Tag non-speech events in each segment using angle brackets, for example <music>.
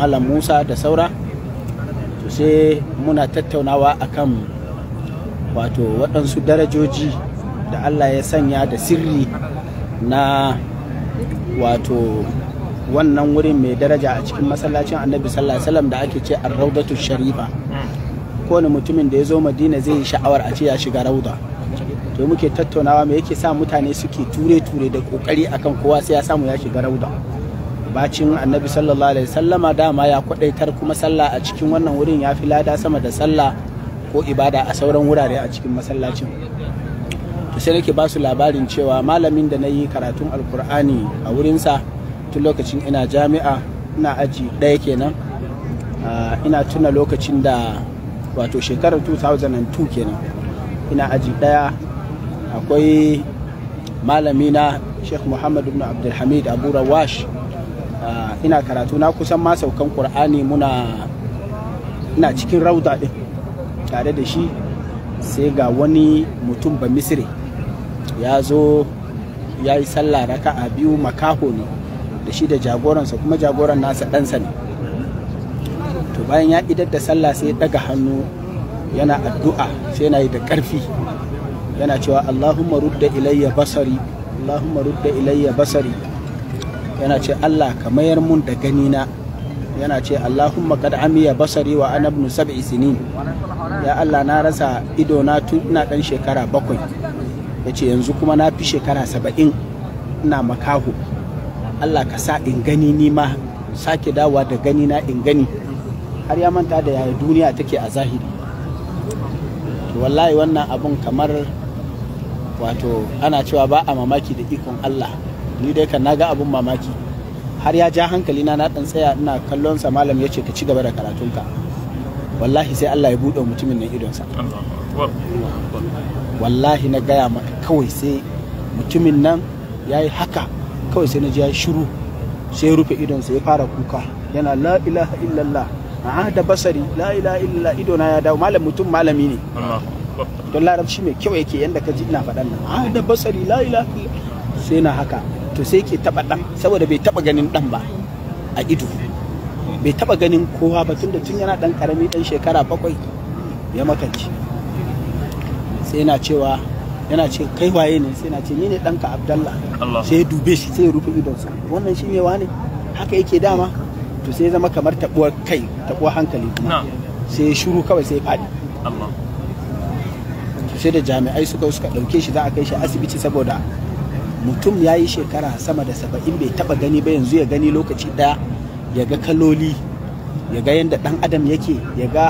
malam musa da saura to sai muna tattaunawa akan wato waɗansu darajoji da allah ya sanya da sirri na wato wannan wurin mai daraja a cikin masallacin annabi sallallahu alaihi wasallam da ake ce raudatu sharifa kowane mutumin da ya zo madina zai yi sha'awar a ce ya shiga rauda to muke tattaunawa me yake sa mutane suke ture ture da kokari akan kowa sai ya samu ya shiga rauda bacin annabi sallallahu alaihi sallama dama ya kwadaitar kuma sallah a cikin wannan wurin ya fi lada sama da sallah ko ibada a sauran wurare a cikin masallacin to sai nake ba su labarin cewa malamin da na yi karatun alkur'ani a wurinsa tun lokacin ina jami'a ina aji ɗaya kenan ah, ina tuna lokacin da wato shekarar 2002 kenan ina aji ɗaya akwai malamina sheikh muhammad ibn abdulhamid abu rawash Ah, ina karatu na kusan ma saukan qur'ani muna ina cikin rauta din tare da shi sai ga wani mutum ba misri ya zo ya yi sallah raka a biyu makaho ne da shi da jagoransa kuma jagoran nasa ɗansa ne to bayan ya idar da sallah sai ya ɗaga hannu yana addu'a sai yana yi da ƙarfi yana cewa allahumma rudda ilayya basari allahumma rudda ilayya basari yana ce Allah ka mayar mun da ganina yana ce Allahumma kad amiya basari wa ana ibn sab'i sinin ya Allah na rasa ido na tun ina dan shekara bakwai yace yanzu kuma na fi shekara saba'in ina makaho Allah ka sa in gani ni ma sake dawa da gani na in gani har ya manta da yaya duniya take a zahiri wallahi wannan abun kamar wato ana cewa ba a mamaki da ikon Allah ni dai kan naga abun mamaki har ya ja hankali na na dan tsaya ina kallon sa malam yace ka ci gaba da karatunka wallahi sai Allah ya bude mutumin nan idon sa wallahi na gaya maka kawai sai mutumin nan yayi haka kawai sai na ji ya shiru sai rufe idon sa ya fara kuka yana la ilaha illallah ma'ada basari la ilaha illallah idona ya dawo malam mutum malami ne don larabci mai kyau yake yanda ka ji ina faɗan nan ma'ada basari la ilaha illallah sai na haka to sai ke taba dan saboda bai taba ganin dan ba a ido bai taba ganin kowa ba tunda tun yana dan karami dan shekara bakwai ya makanci sai yana cewa yana ce kai waye ne sai yana ce ni ne danka abdallah sai ya dube shi sai ya rufe idonsa wannan shi ne wane haka yake dama to sai zama kamar tabuwar kai tabuwar hankali kuma sai ya shiru kawai sai ya fadi sai da jami'ai suka suka shi za a kai shi asibiti saboda mutum ya yi shekara sama da saba'in bai taba gani ba yanzu ya gani lokaci daya ya ga kaloli ya ga yadda ɗan adam yake ya ga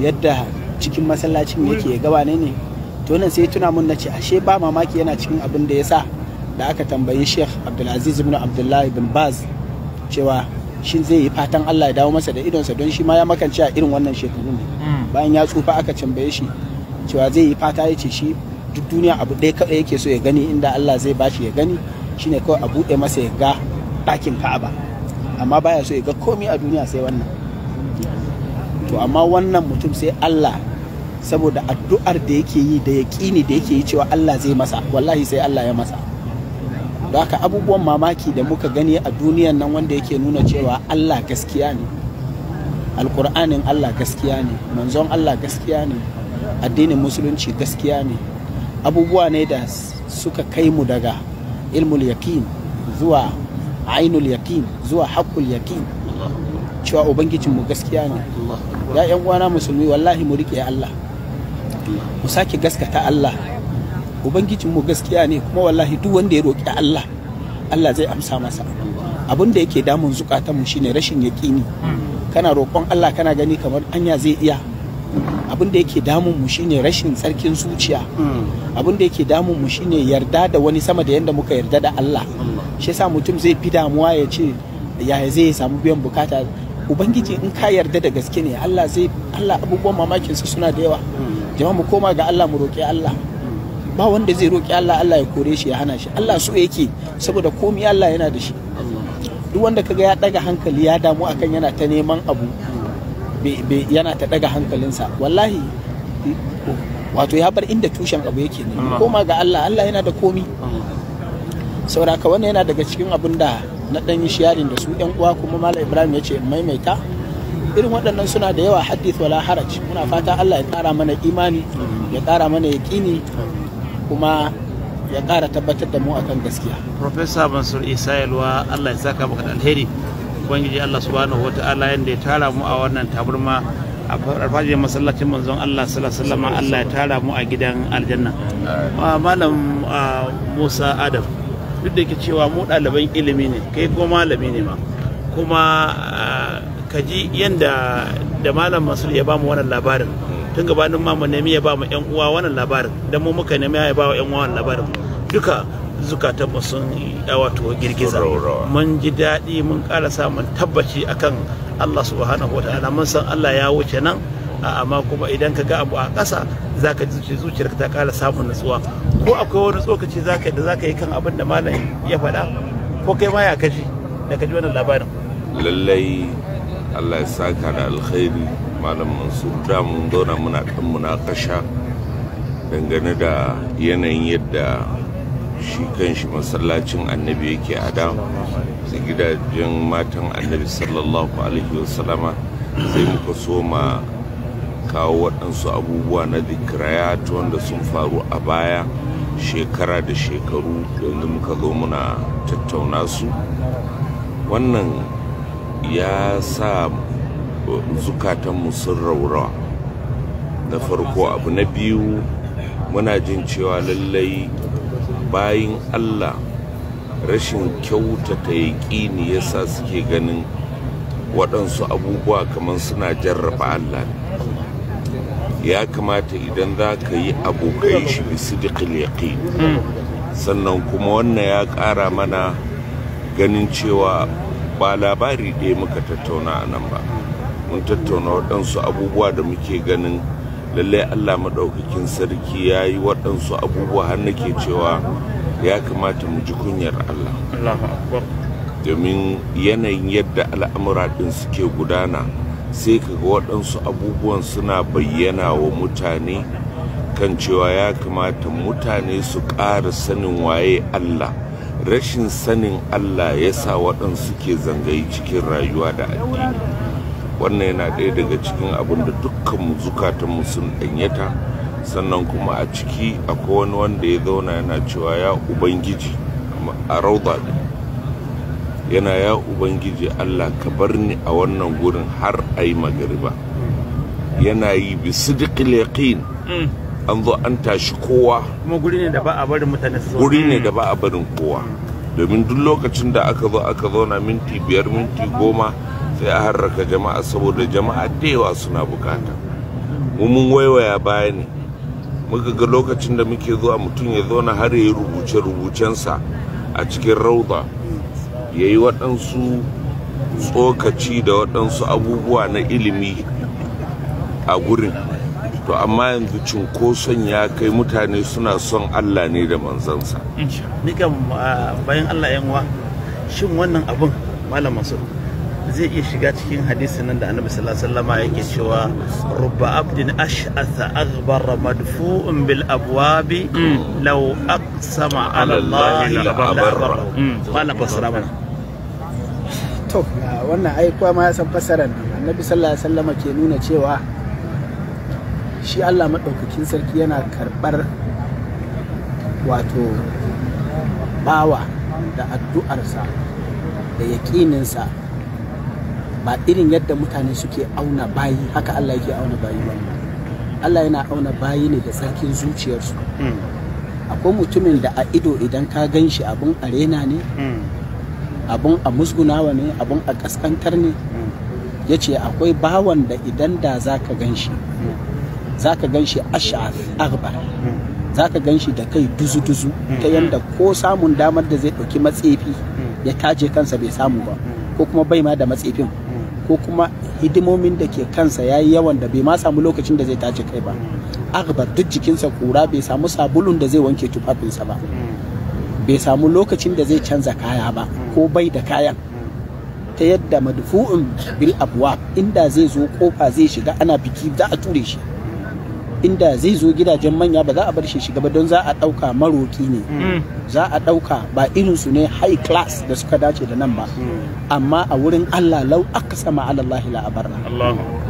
yadda cikin masallacin yake ya ga wane ne to nan sai tuna mun nace ashe ba mamaki yana cikin abin da ya sa da aka tambayi sheikh abdulaziz ibn abdullahi bin baz cewa shi zai yi fatan allah ya dawo masa da idonsa don shi ma ya makance a irin wannan shekarun ne mm. bayan ya tsufa aka tambaye shi cewa zai yi fata ya ce shi duk duniya abu ɗaya kaɗai yake so ya gani inda Allah zai bashi ya gani shine kawai a buɗe masa ya ga ɗakin Ka'aba amma baya so ya ga komai a duniya sai wannan to amma wannan mutum sai Allah saboda addu'ar da yake yi da yaƙini da yake yi cewa Allah zai masa wallahi sai Allah ya masa don haka abubuwan mamaki da muka gani a duniyan nan wanda yake nuna cewa Allah gaskiya ne alkur'anin Allah gaskiya ne manzon Allah gaskiya ne addinin musulunci gaskiya ne abubuwa ne da suka kai mu daga ilmul yakin zuwa ainul yakin zuwa hakul yakin cewa mu gaskiya ne ya yan uwana musulmi wallahi mu riƙe Allah mu sake gaskata Allah ubangijin mu gaskiya ne kuma wallahi duk wanda ya roki Allah Allah zai amsa masa abun da yake damun zukatan mu shine rashin yakini kana roƙon Allah kana gani kamar anya zai iya abin da yake damun mu shine rashin tsarkin zuciya hmm. abin da yake damun mu shine yarda da wani sama da yanda muka yarda da Allah shi yasa mutum zai fi damuwa ya ce yaya zai samu biyan bukata ubangiji in ka yarda da gaske ne Allah zai Allah abubuwan mamakin su suna da yawa hmm. jama'a mu koma ga Allah mu roƙi Allah hmm. ba wanda zai roƙi Allah Allah ya kore shi ya hana shi Allah so yake saboda komai Allah yana da shi duk wanda kaga ya daga hankali ya damu akan yana ta neman abu yana ta daga hankalinsa wallahi wato ya bar inda tushen abu yake ne koma ga Allah Allah yana da komi sauraka wannan yana daga cikin abin da na dan yi shiyarin da su yan uwa kuma mala ibrahim ya ce maimaita irin waɗannan suna da yawa hadith wala haraj muna fata Allah ya kara mana imani ya ƙara mana yaƙini kuma ya ƙara tabbatar da mu akan gaskiya professor mansur isa yalwa Allah ya saka alheri ubangiji Allah subhanahu wata'ala yadda ya tara mu a wannan tabarma a farfajiyar masallacin manzon Allah sallallahu Allah ya tara mu a gidan aljanna ah, malam ah, Musa Adam duk da ke cewa mu ɗaliban ilimi ne kai ko malami ne ma kuma ah, ka ji yadda da malam Masul ya ba mu wannan labarin tun gabanin mamu mu nemi ya ba mu yan uwa wannan labarin dan mu muka nemi ya ba wa yan uwa wannan labarin duka zukatanmu sun wato girgiza mun ji daɗi mun ƙara samun tabbaci akan Allah subhanahu wata'ala mun san Allah ya wuce nan amma kuma idan ka ga abu a ƙasa za ka ji ka ta ƙara samun nutsuwa ko akwai wani tsokaci za ka da za ka yi kan abin da malam ya faɗa ko kai ma ya kaji da ka wannan labarin lallai Allah ya saka da alkhairi malam Mansur da mun zauna muna kan muna kasha dangane da yanayin yadda shi kan shi masallacin annabi yake a da gidajen matan annabi sallallahu alaihi wasallama sai muka soma kawo waɗansu abubuwa na zikirayat wanda sun faru a baya shekara da shekaru yanzu muka zo muna tattauna su wannan ya sa zukatanmu sun raurawa na farko abu na biyu muna jin cewa lallai bayin allah rashin kyautata ya yasa suke ganin waɗansu abubuwa kamar suna jarraba allah ya kamata idan za ka yi abokai shi bisidiqil hmm. sannan kuma wannan ya ƙara mana ganin cewa ba labari ɗaya muka tattauna a nan ba mun tattauna waɗansu abubuwa da muke ganin lallai allah maɗaukakin sarki ya yi waɗansu abubuwa har nake cewa ya kamata mu ji kunyar allah domin yanayin yadda al'amura ɗin suke gudana sai kaga waɗansu abubuwan suna bayyana wa mutane kan cewa ya kamata mutane su ƙara sanin waye allah rashin sanin allah ya sa waɗansu ke zangayi cikin rayuwa da addini wannan yana ɗaya daga cikin abin da dukkanmu zukatanmu sun ɗanyata sannan kuma a ciki akwai wani wanda ya zauna yana cewa ya ubangiji a rauda yana ya ubangiji allah ka bar ni a wannan gurin har a yi magariba yana yi bisu sidiqil mm. an zo an tashi kowa kuma da ba a barin mutane guri ne da ba a barin mm. kowa domin duk lokacin da aka zo aka zauna minti biyar minti goma sai a harraka jama'a saboda jama'a da yawa suna bukata mu mun waiwaya baya ne muka ga lokacin da muke zuwa mutum ya zauna har ya yi rubuce-rubucensa a cikin rauda ya yi waɗansu tsokaci da waɗansu abubuwa na ilimi a gurin to amma yanzu cinkoson ya kai mutane suna son allah ne da manzansa nikan ah, bayan allah yanwa shin wannan abin malam masu zai iya shiga cikin hadisi nan da annabi sallallahu alaihi wasallam yake cewa rubba abdin ash'atha aghbara madfu'un bil abwab mm. law aqsama ala allah la barra wala mm. fasara mana to wannan ai kuwa ma ya san fasaran annabi sallallahu alaihi wasallam ke nuna cewa shi Allah madaukakin sarki yana karbar wato bawa da addu'arsa da yaƙininsa ba irin yadda mutane suke auna bayi haka Allah yake auna bayi ba Allah yana auna bayi ne da tsarkin zuciyarsu hmm. akwai mutumin da a ido idan ka gan shi abin arena ne hmm. Abun a musgunawa ne Abun a kaskantar ne hmm. ya ce akwai bawan da idan da za ka gan shi za ka gan shi arba za ka gan shi da kai duzu-duzu ta yadda ko samun damar da zai ɗauki matsefi ya taje kansa bai samu ba ko kuma bai ma da matsefin ko kuma hidimomin da ke kansa ya yi yawan da bai ma samu lokacin da zai tace kai ba akbar duk jikinsa kura bai samu sabulun da zai wanke tufafinsa ba bai samu lokacin da zai canza kaya ba ko bai da kayan ta yadda madfu'un bil abwa inda zai zo kofa zai shiga ana biki za a ture shi inda zai zo gidajen manya ba za a bar shi shiga ba don za a ɗauka maroki ne hmm. Hmm. za a ɗauka ba irin su ne high class da suka dace da nan ba hmm. amma a wurin Allah lau aka sama alallahi la abarra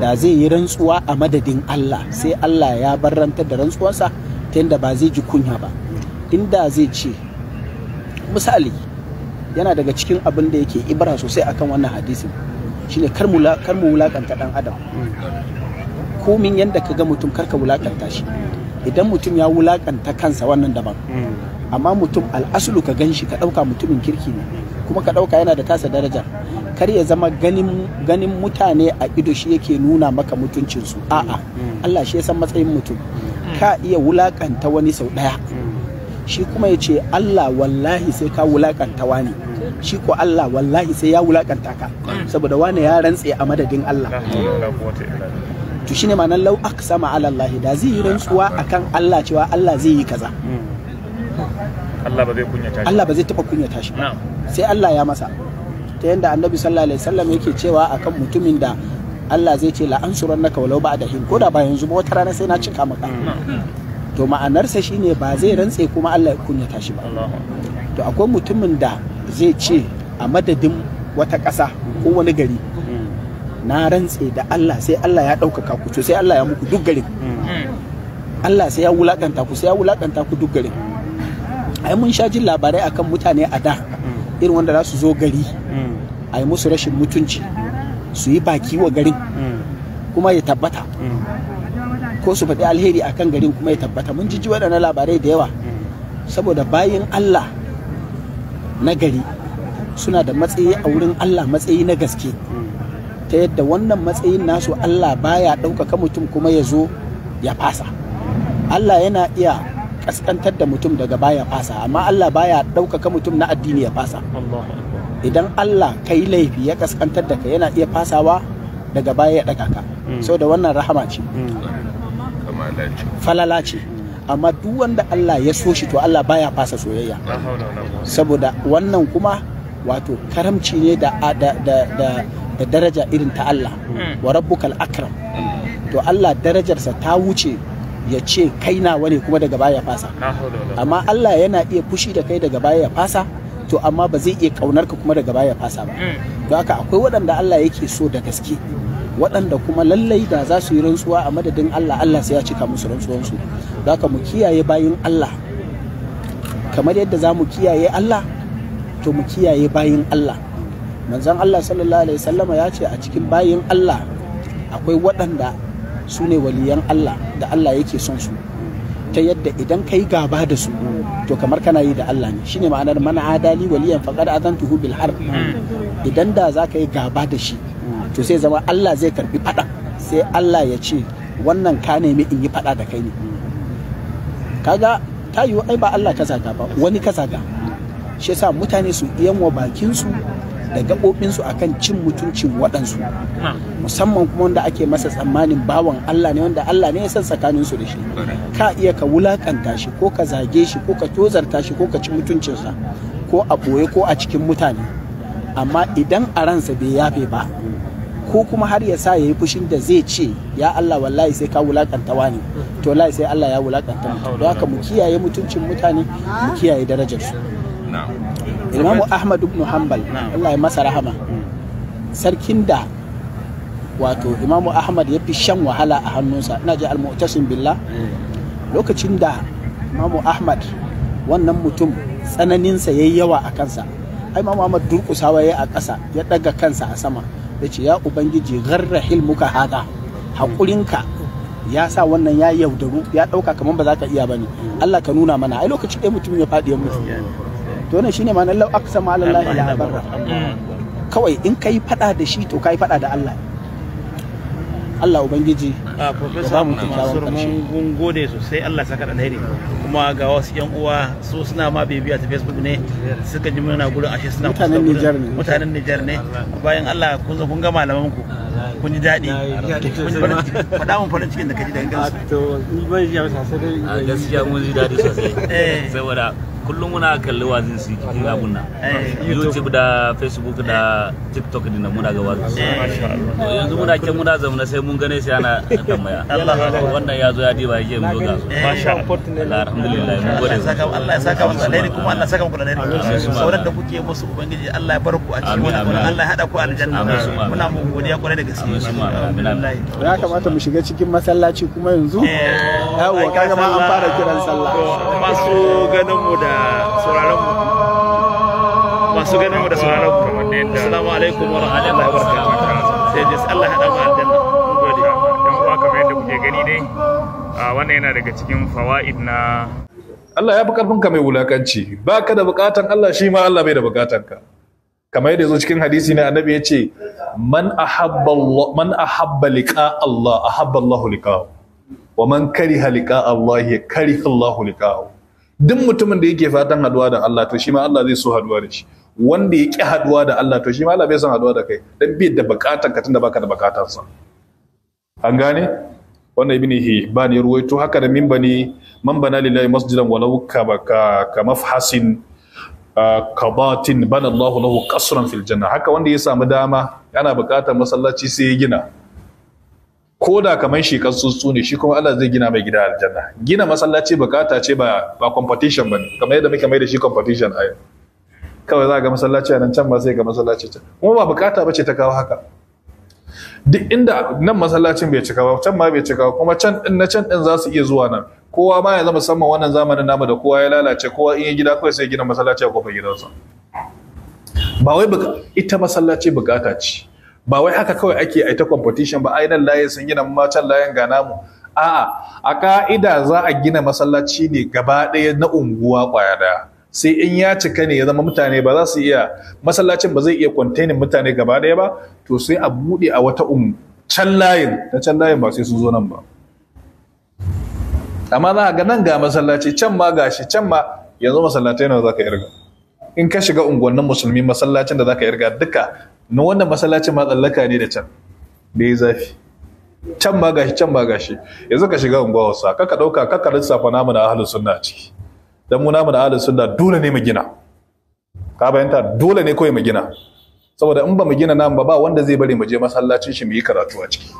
da zai yi rantsuwa a madadin Allah sai Allah ya barrantar da rantsuwarsa ta yadda ba zai ji kunya ba inda zai ce misali yana daga cikin abin da yake ibra sosai akan wannan hadisin shine kar mu wulakanta dan adam komin yadda ka ga mutum karka wulakanta shi idan mutum ya wulakanta kansa wannan daban hmm. amma mutum al'asulu ka gan shi ka ɗauka mutumin kirki ne kuma ka ɗauka yana da tasa daraja kar ya zama ganin, mutane a ido shi yake nuna maka mutuncinsu a'a hmm. Allah shi ya san matsayin mutum hmm. ka iya wulakanta wani sau ɗaya shi kuma ya ce Allah wallahi sai ka wulakanta wani shi ko Allah wallahi sai ya wulakanta ka saboda wani ya rantse a madadin Allah to shine ma'anar lau aqsama ala Allah da zai yi rantsuwa akan Allah cewa Allah zai yi kaza hmm. Allah ba zai kunyata shi Allah ba zai taba kunyata shi sai Allah ya masa ta yanda Annabi sallallahu alaihi wasallam yake cewa akan mutumin da Allah zai ce la'ansuran naka walau ba da hin koda ba yanzu ba wata rana sai na cika maka hmm. to ma'anarsa shine ba zai rantse kuma Allah ya kunyata shi ba to akwai mutumin da zai ce a madadin wata ƙasa ko wani gari na rantse da Allah sai Allah ya ɗaukaka ku sai Allah ya muku duk garin Allah sai ya wulakanta ku sai ya wulakanta ku duk garin ai mun sha jin labarai akan mutane a da irin wanda za su zo gari ai musu rashin mutunci su yi baki wa garin kuma ya tabbata ko su faɗi alheri akan garin kuma ya tabbata mun jiji waɗannan labarai da yawa saboda bayin Allah na gari suna da matsayi a wurin Allah matsayi na gaske ta yadda wannan matsayin nasu Allah baya ɗaukaka mutum kuma ya zo ya fasa Allah yana iya kaskantar da mutum daga baya fasa amma Allah baya ɗaukaka mutum na addini ya fasa idan Allah ka yi laifi ya kaskantar da ka yana iya fasawa daga baya ya ɗaga ka hmm. so da wannan rahama hmm. ce falala ce amma duk wanda Allah ya so shi to Allah baya fasa soyayya saboda wannan kuma wato karamci ne da da daraja irin ta Allah hmm. wa rabbukal akram to Allah darajarsa ta wuce ya ce kai nawa ne kuma daga baya fasa amma Allah yana iya fushi da kai daga baya fasa to amma ba zai iya kaunar ka kuma daga baya fasa ba hmm. don haka akwai waɗanda Allah yake so da gaske waɗanda kuma lallai da za su yi rantsuwa a madadin Allah Allah sai ya cika musu rantsuwansu don haka mu kiyaye bayin Allah kamar yadda za mu kiyaye Allah to mu kiyaye bayin Allah manzon Allah sallallahu alaihi wasallama ya ce a cikin bayin Allah akwai waɗanda su ne waliyan Allah da Allah yake son su ta yadda idan ka yi gaba da su to kamar kana yi da Allah ne Shi ne ma'anar mana adali waliyan a zan bil bilhar. idan da za ka yi gaba da shi to sai zama Allah zai karbi fada sai Allah ya ce wannan ka nemi in yi fada da kai ne kaga ta yiwu ai ba Allah ka zaga ba wani ka zaga shi yasa mutane su iyan wa bakin su da gaɓoɓinsu akan cin mutuncin waɗansu musamman kuma wanda ake masa tsammanin bawan Allah ne wanda Allah ne ya san tsakanin su da shi ka iya ka wulakanta shi ko ka zage shi ko ka tozarta shi ko ka ci mutuncinsa ko a ɓoye ko a cikin mutane amma idan a ransa bai yafe ba ko kuma har ya sa ya yi fushin da zai ce ya Allah wallahi sai ka wulakanta wani to wallahi sai Allah ya wulakanta mu don haka mu kiyaye mutuncin mutane mu kiyaye darajar su imamu ahmad ibn hanbal Allah ya masa rahama hmm. sarkin da wato imamu ahmad ya fi shan wahala a hannunsa ina ji almu'tasim billah hmm. lokacin da imamu ahmad wannan mutum tsananinsa ya yi yawa a kansa ai imamu ahmad durkusawa ya a kasa ya ɗaga kansa a sama ya ya ubangiji garra hilmuka haga haƙurinka ya sa wannan ya yaudaru ya ɗauka kamar ba za ka iya ba ne hmm. allah ka nuna mana ai lokacin ɗaya mutum ya faɗi ya mutu to wannan shine ma'anar lau ala alallahi la barra kawai in kai fada da shi to kai fada da Allah Allah Ubangiji a professor Profesa Mansur mun gode sosai Allah saka da alheri kuma ga wasu yan uwa su suna ma bibiya ta Facebook ne suka ji muna gurin ashe suna mutanen Niger ne mutanen Niger ne bayan Allah kun zo kun ga malaman ku kun ji daɗi kun faɗa mun farin cikin da kaji da gansu to ni ban ji ya sosai gaskiya mun ji daɗi sosai eh. saboda kullum muna kalli wazin su cikin eh, abun nan youtube da facebook da tiktok din muna ga wazin su eh, yanzu muna kyan muna zamana sai mun gane sai ana tambaya <laughs> wannan ya zo ya diba yake mu ga eh, alhamdulillah mun gode Allah ya saka muku alheri kuma Allah ya saka muku alheri sauran da kuke musu ubangiji Allah ya bar ku a cikin wannan Allah ya hada ku aljanna muna mu godiya kwarai da gaske ya kamata mu shiga cikin masallaci kuma yanzu yawo kaga ma an fara kiran sallah masu ganin mu da sauraron mu masu ganin mu da sauraron mu kamar yadda assalamu alaikum wa rahmatullahi wa barakatuh sai dai Allah hada mu aljanna gode dan uwa kamar yadda kuke gani dai wannan yana daga cikin fawaid na Allah ya fi karfin ka mai wulakanci ba ka da bukatan Allah shi ma Allah bai da bukatan ka kamar yadda zo cikin hadisi ne annabi ya ce man ahabba Allah man ahabba liqa Allah ahabba Allah liqa'u wa man kariha liqa Allah ya kariha Allah liqa'u duk mutumin da yake fatan haduwa da Allah to shi ma Allah zai so haduwa da shi wanda ya ƙi haduwa da Allah to shi ma Allah bai son haduwa da kai dan bi da bukatar ka tunda baka da bukatar sa an gane wannan ibn hibban ya ruwaito haka da min bani man bana lillahi masjidan walau ka ka mafhasin kabatin bana Allahu lahu qasran fil janna haka wanda ya samu dama yana bukatar masallaci sai ya gina ko da kamar shi kan tsuntsu ne shi kuma Allah zai gina mai gida aljanna gina masallaci bukata ce ba ba competition bane kamar yadda muke mai da shi competition ai kawai za ga masallaci a nan can ba sai ga masallaci can kuma ba bukata bace ta kawo haka duk inda nan masallacin bai cika ba can ma bai cika ba kuma can din na can din za su iya zuwa nan kowa ma ya zama musamman wannan zamanin namu da kowa ya lalace kowa in ya gida kawai sai gina masallaci a kofar gidansa ba wai ita masallaci bukata ce ba wai haka kawai ake ai ta competition ba ai nan layin sun gina mu can layin ga namu a'a a ka'ida za a gina masallaci ne gaba ɗaya na unguwa kwaya daya sai in ya cika ne ya zama mutane ba za su iya masallacin ba zai iya containing mutane gaba ɗaya ba to sai a buɗe a wata um can layin na can layin ba sai su zo nan ba amma za ga nan ga masallaci can ma gashi can ma yanzu masallatai nawa za ka irga in ka shiga unguwannin musulmi masallacin da za ka irga duka na wannan masallacin ma tsallaka ne da can da ya zafi can ba gashi can ba gashi yanzu ka shiga unguwa wasa kaka dauka kaka lissafa namu na ahalin sunna ciki dan mu namu na suna sunna dole ne mu gina ka bayanta dole ne kawai mu gina saboda in ba mu gina namu ba ba wanda zai bari mu je masallacin shi mu yi karatu a ciki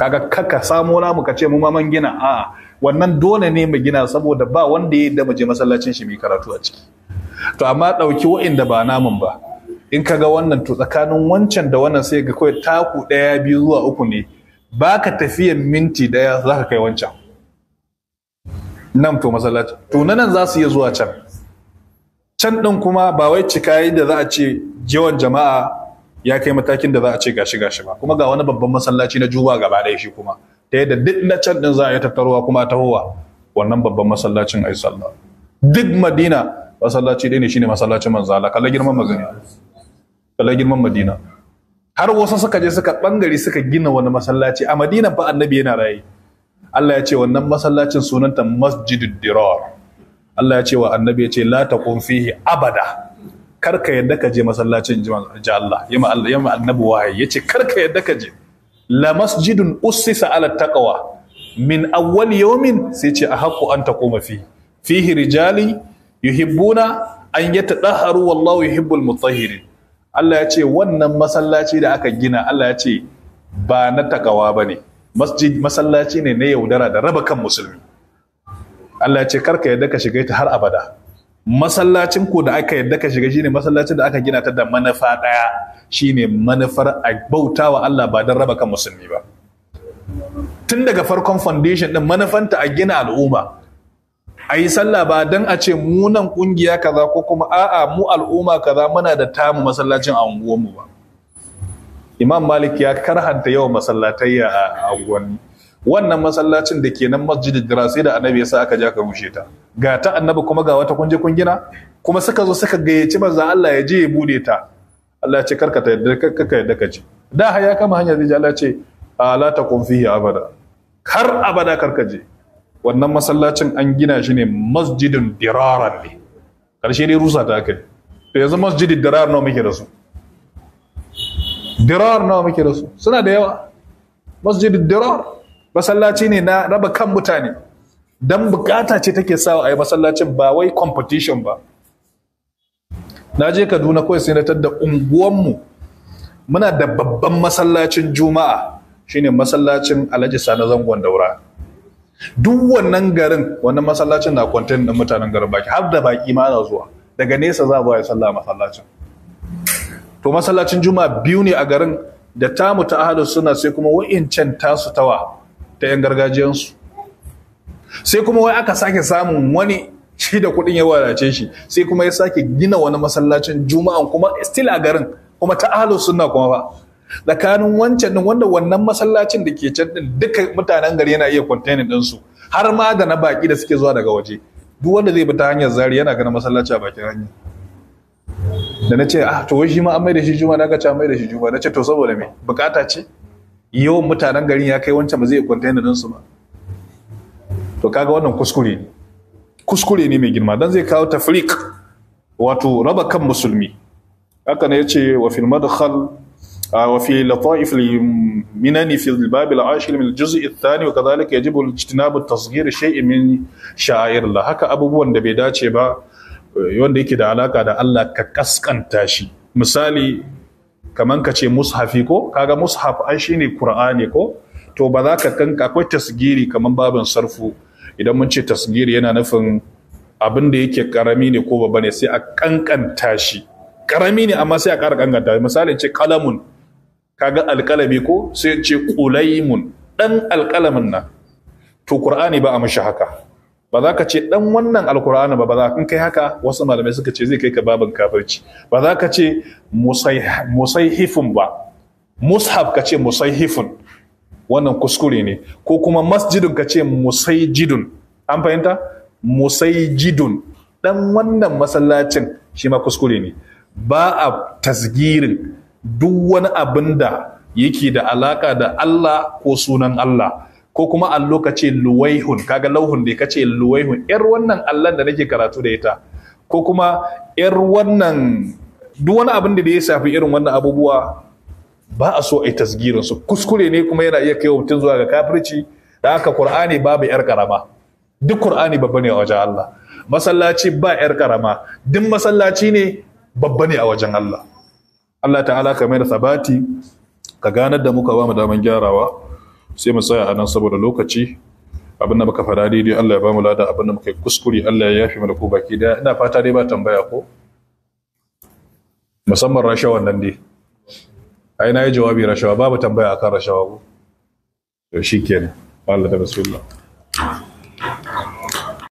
kaga kaka samo namu ka ce mu ma man gina a wannan dole ne mu gina saboda ba wanda ya yi da mu je masallacin shi mu yi karatu a ciki to amma dauki wa'inda ba namun ba in ka ga wannan to tsakanin wancan da wannan sai ga kawai taku ɗaya biyu zuwa uku ne ba ka tafiyan minti daya za ka kai wancan nan to masallaci to nan za su iya zuwa can can ɗin kuma ba wai cika da za a ce yawan jama'a ya kai matakin da za a ce gashi gashi ba kuma ga wani babban masallaci na juba gaba ɗaya shi kuma ta yadda duk na can ɗin za a yi tattaruwa kuma tahowa wannan babban masallacin ai sallah duk madina masallaci ɗaya ne shine masallacin manzala kalla girman magana kalla girman madina har wasu suka je suka bangare suka gina wani masallaci a madinan fa annabi yana raye Allah ya ce wannan masallacin sunanta masjidud dirar Allah ya ce wa annabi ya ce la taqum fihi abada kar ka yadda ka je masallacin ji Allah yamma Allah yamma annabi wahayi ya ce kar ka yadda ka je la masjidun ussisa ala taqwa min awwal yawmin sai ce a haqqu an taquma fihi fihi rijali yuhibbuna an yatadahharu wallahu yuhibbul mutahhirin Allah ya ce wannan masallaci da aka gina Allah ya ce ba na takawa ba ne masjid masallaci ne na yaudara da raba kan musulmi Allah ya ce karka yadda ka shiga ta har abada masallacin ku da aka yadda ka shiga shine masallacin da aka gina ta da manufa ɗaya shine manufar a bautawa Allah ba don raba kan musulmi ba tun daga farkon foundation din manufanta a gina al'umma a yi sallah ba don a ce munan kungiya kaza ko kuma a'a mu al'umma kaza muna da tamu masallacin a unguwanmu ba imam malik ya karhanta yawan masallatai a unguwanni wannan masallacin da ke nan masjidin jira sai da annabi ya sa aka ja ka rushe ta ga ta annabi kuma ga wata kunje kungina kuma suka zo suka gayyaci manzo Allah ya je ya bude ta Allah ya ce karka ta yadda karka yadda ka ce da haya kama hanya zai ji Allah ya ce la kun fihi abada kar abada karka je wannan masallacin an gina shi ne masjidin diraran ne ƙarshe dai rusa ta aka yi to yanzu masjidin dirar nawa muke da su dirar nawa muke da su suna da yawa masjidin dirar masallaci ne na raba kan mutane dan bukata ce take sawa a yi masallacin ba wai competition ba na je kaduna kawai sai na tadda unguwanmu muna da babban masallacin juma'a shine masallacin alhaji sani zangon daura duk wannan garin wannan masallacin na kwantin da mutanen garin baki har da baki ma na zuwa daga nesa za a ya sallah masallacin to masallacin juma biyu ne a garin da tamu ta ahadu suna sai kuma wa'incan tasu tawa ta yan gargajiyansu sai kuma wai aka sake samun wani shi da kuɗin ya wadace shi sai kuma ya sake gina wani masallacin juma'an kuma still a garin kuma ta ahalu suna kuma ba tsakanin wancan din wanda wannan masallacin da ke can din duka mutanen gari yana iya containing din su har ma da na baki da suke zuwa daga waje duk wanda zai bi ta hanyar zari yana ganin masallaci a bakin hanya da na ce ah to shi ma an mai da shi juma na ga mai da shi juma na ce to saboda me bukata ce yawan mutanen garin ya kai wancan ba zai container din su ba to kaga wannan kuskure ne kuskure ne mai girma dan zai kawo tafrik wato raba kan musulmi haka ne yace wa fil madkhal وفي لطائف المنن في الباب العاشر من الجزء الثاني وكذلك يجب الاجتناب التصغير شيء من شعائر الله هكا abubuwan da bai dace ba wanda yake da alaka da Allah ka kaskanta shi misali kaman ka ce mushafi ko kaga mushaf ai shine qur'ani ko to ba kanka akwai tasgiri kaman babin sarfu idan mun ce tasgiri yana nufin abin da yake karami ne ko babba ne sai a kankanta shi karami ne amma sai a ƙara kankanta misali ce kalamun kaga alƙalami ko sai ce ƙulaimun ɗan alƙalamin nan to ƙur'ani ba a mashi haka ba za ka ce ɗan wannan alƙur'ani ba ba za ka kai haka wasu malamai suka ce zai kai ka babin kafirci ba za ka ce Musaihifun ba mushaf ka ce musaihifin wannan kuskure ne ko kuma masjidun ka ce musaijidun an fahimta musaijidun ɗan wannan masallacin shi ma kuskure ne ba a tasgirin duk wani abin da yake da alaka da Allah ko sunan Allah ko kuma allo ka ce luwaihun kaga lauhun da ka ce luwaihun yar wannan Allah da nake karatu da ita ko kuma yar wannan duk wani abin da ya shafi irin wannan abubuwa ba a so a yi tasgirin su kuskure ne kuma yana iya kai wa mutum zuwa ga kafirci da haka qur'ani babu yar karama duk qur'ani babba ne a wajen Allah masallaci ba yar karama duk masallaci ne babba ne a wajen Allah Allah ta'ala ka mai da sabati ka ganar da muka ba mu daman gyarawa sai mu tsaya a nan saboda lokaci abin da muka fara daidai Allah ya ba mu lada abin da muka yi kuskure Allah ya yafi mana ko baki daya ina fata dai ba tambaya ko musamman rashawa nan dai ai na yi jawabi rashawa babu tambaya akan rashawa ko to shikenan Allah da bismillah